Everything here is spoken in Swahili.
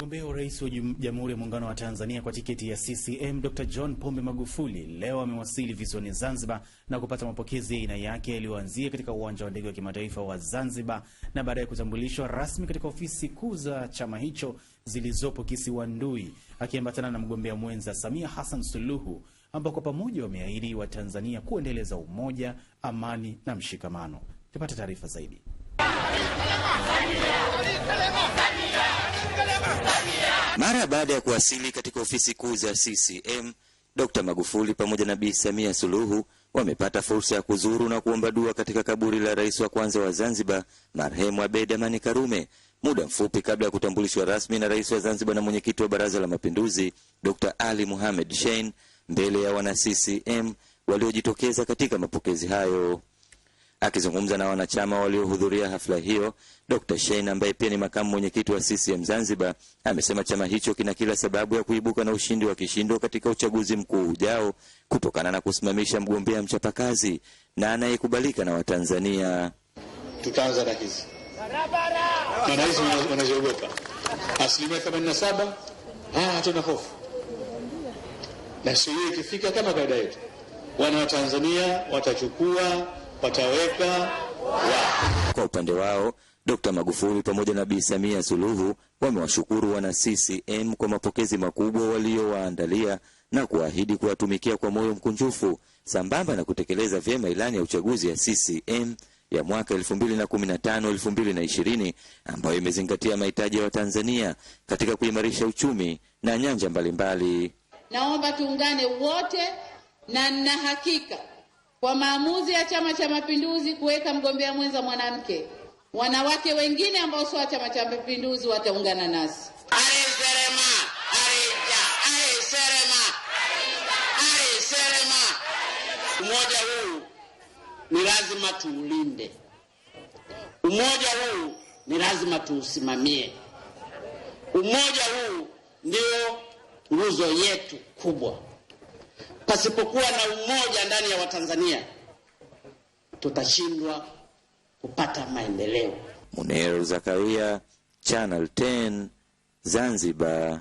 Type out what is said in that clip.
Mgombea wa rais wa Jamhuri ya Muungano wa Tanzania kwa tiketi ya CCM Dr. John Pombe Magufuli leo amewasili visiwani Zanzibar na kupata mapokezi ya aina yake yaliyoanzia katika uwanja wa ndege wa kimataifa wa Zanzibar na baadaye kutambulishwa rasmi katika ofisi kuu za chama hicho zilizopo Kisiwandui, akiambatana na mgombea mwenza Samia Hassan Suluhu, ambao kwa pamoja wameahidi Watanzania kuendeleza umoja, amani na mshikamano. Tupate taarifa zaidi. Mara baada ya kuwasili katika ofisi kuu za CCM, Dr. Magufuli pamoja na Bi Samia Suluhu wamepata fursa ya kuzuru na kuomba dua katika kaburi la rais wa kwanza wa Zanzibar marehemu Abeid Amani Karume muda mfupi kabla ya kutambulishwa rasmi na rais wa Zanzibar na mwenyekiti wa Baraza la Mapinduzi Dr. Ali Mohamed Shein mbele ya wana CCM waliojitokeza katika mapokezi hayo. Akizungumza na wanachama waliohudhuria hafla hiyo, Dr. Shein ambaye pia ni makamu mwenyekiti wa CCM Zanzibar amesema chama hicho kina kila sababu ya kuibuka na ushindi wa kishindo katika uchaguzi mkuu ujao kutokana na kusimamisha mgombea mchapakazi na anayekubalika na Watanzania. Tutaanza na hizi na hizi wanaziogopa asilimia Hatuna hofu na sio ikifika kama kawaida yetu, wana Watanzania watachukua pataweka wapi? Kwa upande wao Dr. Magufuli pamoja na Bi Samia Suluhu wamewashukuru wana CCM kwa mapokezi makubwa waliowaandalia na kuahidi kuwatumikia kwa moyo mkunjufu sambamba na kutekeleza vyema ilani ya uchaguzi ya CCM ya mwaka 2015-2020 ambayo imezingatia mahitaji ya Watanzania katika kuimarisha uchumi na nyanja mbalimbali. Naomba tuungane wote na nina hakika kwa maamuzi ya Chama cha Mapinduzi kuweka mgombea mwenza mwanamke, wanawake wengine ambao sio wa Chama cha Mapinduzi wataungana nasi. Umoja huu ni lazima tuulinde, umoja huu ni lazima tuusimamie, umoja huu ndio nguzo yetu kubwa. Pasipokuwa na umoja ndani ya Watanzania, tutashindwa kupata maendeleo. Munero Zakaria, Channel 10, Zanzibar.